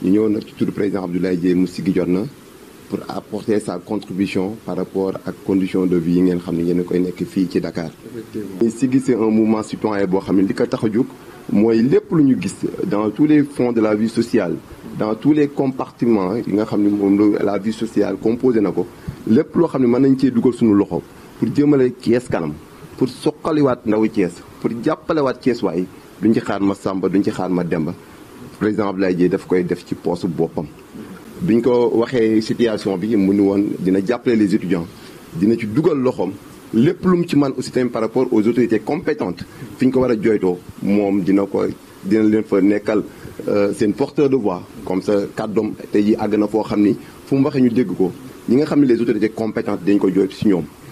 ñu ñëwoon nag ci le président Abdoulaye Dièye mu sigi jotna pour apporter sa contribution par rapport ak condition de vie yi ngeen xam ne ngeen koy nekk fii ci Dakar. effectivement siggi c'est un mouvement citoyen boo xam ne li ko tax a jóg mooy lépp lu ñu gis dans tous les fonds de la vie sociale. dans tous les compartiments yi nga xam ne moom la vie sociale composé na ko lépp loo xam ne mën nañ cee dugal suñu loxo pour jëmale Cees kanam pour wat ndaw Thiès pour wat Thiès way duñ ci xaar ma Samba duñ ci xaar ma Demba président Abdoulaye Dièye daf koy def ci poste bopam biñ ko waxé situation bi mu ni woon dina jappalé les étudiants dina ci duggal loxom lepp lu ci man aussi tamit par rapport aux autorités compétentes fiñ ko wara joyto mom dina ko dina leen fa nekkal euh, seen porteur de voix comme ça kàddoom tey jii àgg na foo xam fu mu waxé ñu dégg ko ñi nga xamni les autorités compétentes dañ ko joy ci ñom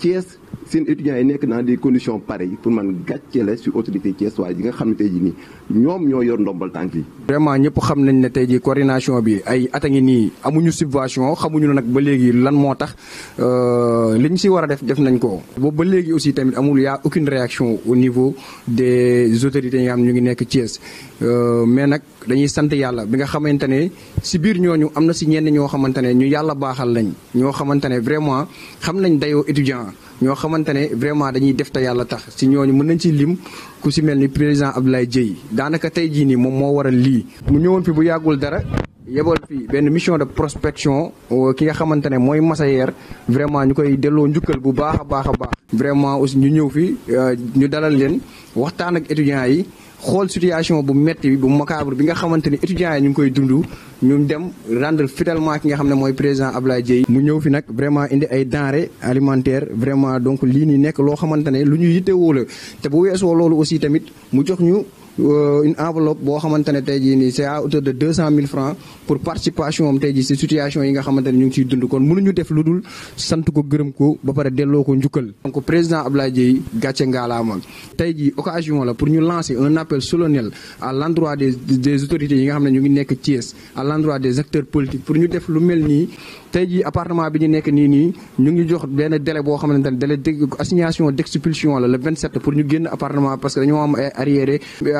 Thiès seen étudiant yi nekk dans des conditions pareilles pour man gàcce la sur autorité Thiès waaye yi nga xam ne tey jii nii ñoom ñoo yor ndombal tànk yi. vraiment ñëpp xam nañ ne tey jii coordination bi ay at a ngi nii amuñu subvention xamuñu nag ba léegi lan moo tax euh, liñ ñu si war a def def nañ ko. boobu ba léegi aussi tamit amul y a aucune réaction au niveau des autorités yi nga xam ñu ngi nekk Thiès euh, mais nag dañuy sant yàlla bi nga xamante ne si biir ñooñu am na si ñenn ñoo xamante ne ñu yàlla baaxal lañ ñoo xamante ne vraiment xam nañ dayoo étudiant. ñoo xamante ne vraiment dañuy def te yàlla tax si ñooñu mën nañ ci lim ku si mel ni président lay Dieye daanaka tey jii nii moom moo waral lii. mu ñëwoon fi bu yàggul dara yebal fi benn mission de prospection euh, ki nga xamante ne mooy Massayer vraiment ñu koy delloo njukkal bu baax a baax a baax. vraiment aussi ñu ñëw fi euh, ñu dalal leen waxtaan ak étudiants yi. xool situation bu metti bu macabre bi nga xamante ni étudiants yi ñu ngi koy dundu ñu dem rendre fidèlement ki nga xam ne mooy président Abdoulaye Dièye mu ñëw fi nag vraiment indi ay denrées alimentaires vraiment donc lii nii nekk loo xamante ne lu ñu yittewoo la te bu weesoo loolu aussi tamit mu jox ñu Euh, une enveloppe boo xamante ne tey jii nii c'est à hauteur de cent mille francs pour participation am tey jii situation yi nga xamante ne ñu ngi ciy dund kon mënuñu def lu dul sant ko gërëm ko ba pare delloo ko njukkal. donc président Abdoulaye Dièye gàcce ngaalaama tey jii occasion la pour ñu lancer un appel solennel à l'endroit des des autorités yi nga xam ne ñu ngi nekk Thiès à l'endroit des acteurs politiques pour ñu def lu mel nii. tey jii appartement bi ñu nekk nii nii ñu ngi jox benn délai boo xamante ne délai assignation d'expulsion la le 27 pour ñu génn appartement parce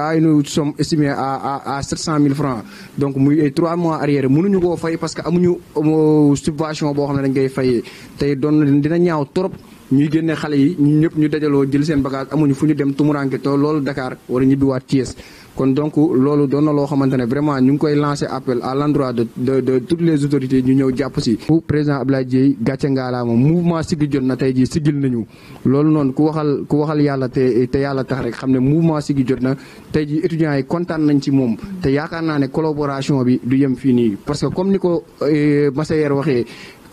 à nu somme estimée à à cent mille 000 francs donc muy ay mois arrière mënuñu koo fay parce que amuñu euh, subvation boo xam ne dañ koy fay tey doon dina ñaaw trop. ñuy génne xale yi ñu ñëpp ñu dajaloo jël seen bagage amuñu fu ñu dem tumuranke to loolu Dakar wala ñibbiwaat Thiès kon donc loolu doon na loo xamante ne vraiment ñu ngi koy lancer appel à l'endroit de toutes les autorités ñu ñëw jàpp si. bu président Abdoulaye Dièye gàcce ngaalaama mouvement sigil jot na tey jii sigil nañu loolu noonu ku waxal ku waxal yàlla te te yàlla tax rek xam ne mouvement sigil jot na tey ji étudiants yi kontaan nañ ci moom te yaakaar naa ne collaboration bi du yem fii nii parce que comme ni ko euh, Massayer waxee.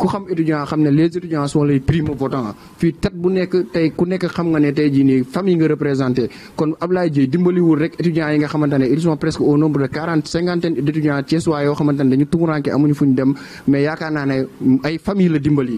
ku xam étudiant xam ne les étudiants sont les primo votants fii tat bu nekk tey ku nekk xam nga ne tey jii ni famille nga représenté kon Ablaye Dieye dimbaliwul rek étudiants yi nga xamante ne ils sont presque au nombre de quarante cinquantaine d' étudiants thiessois yoo xamante ne dañu tumuranke amuñu fu ñu dem mais yaakaar naa ne ay famille la dimbali.